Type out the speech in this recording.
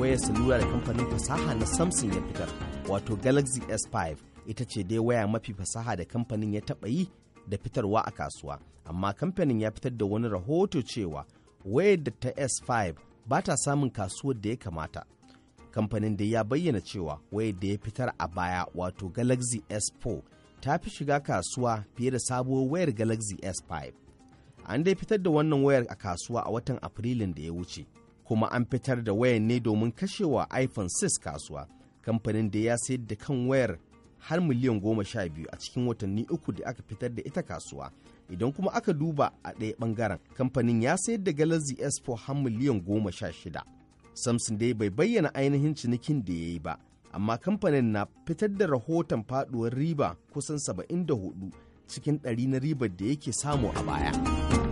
wayar salula da kamfanin fasaha na Samsung ya fitar, wato Galaxy S5 ita ce dai waya mafi fasaha da kamfanin ya taɓa yi da fitarwa a kasuwa, amma kamfanin ya fitar da wani rahoto cewa wayar da ta S5 ba ta samun kasuwar da ya kamata. Kamfanin da ya bayyana cewa wayar da ya fitar a baya wato Galaxy S4 ta fi shiga kasuwa fiye da sabuwar wayar Galaxy S5. An dai fitar da wannan wayar a kasuwa a watan Afrilun da ya wuce. kuma an fitar da wayan ne domin kashewa iphone 6 kasuwa kamfanin da ya sayar da kan wayar har miliyan goma sha biyu a cikin watanni uku da aka fitar da ita kasuwa idan kuma aka duba a ɗaya ɓangaren kamfanin ya sayar da galaxy s4 har miliyan goma sha shida samson dai bai bayyana ainihin cinikin da ya yi ba amma kamfanin na fitar da rahoton faduwar riba kusan 74 cikin ɗari na ribar da yake samu a baya.